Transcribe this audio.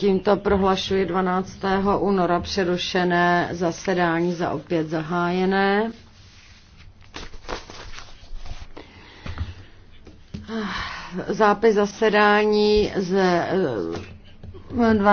Tímto prohlašuji 12. února přerušené zasedání za opět zahájené. Ah, zápis zasedání z 12. Eh,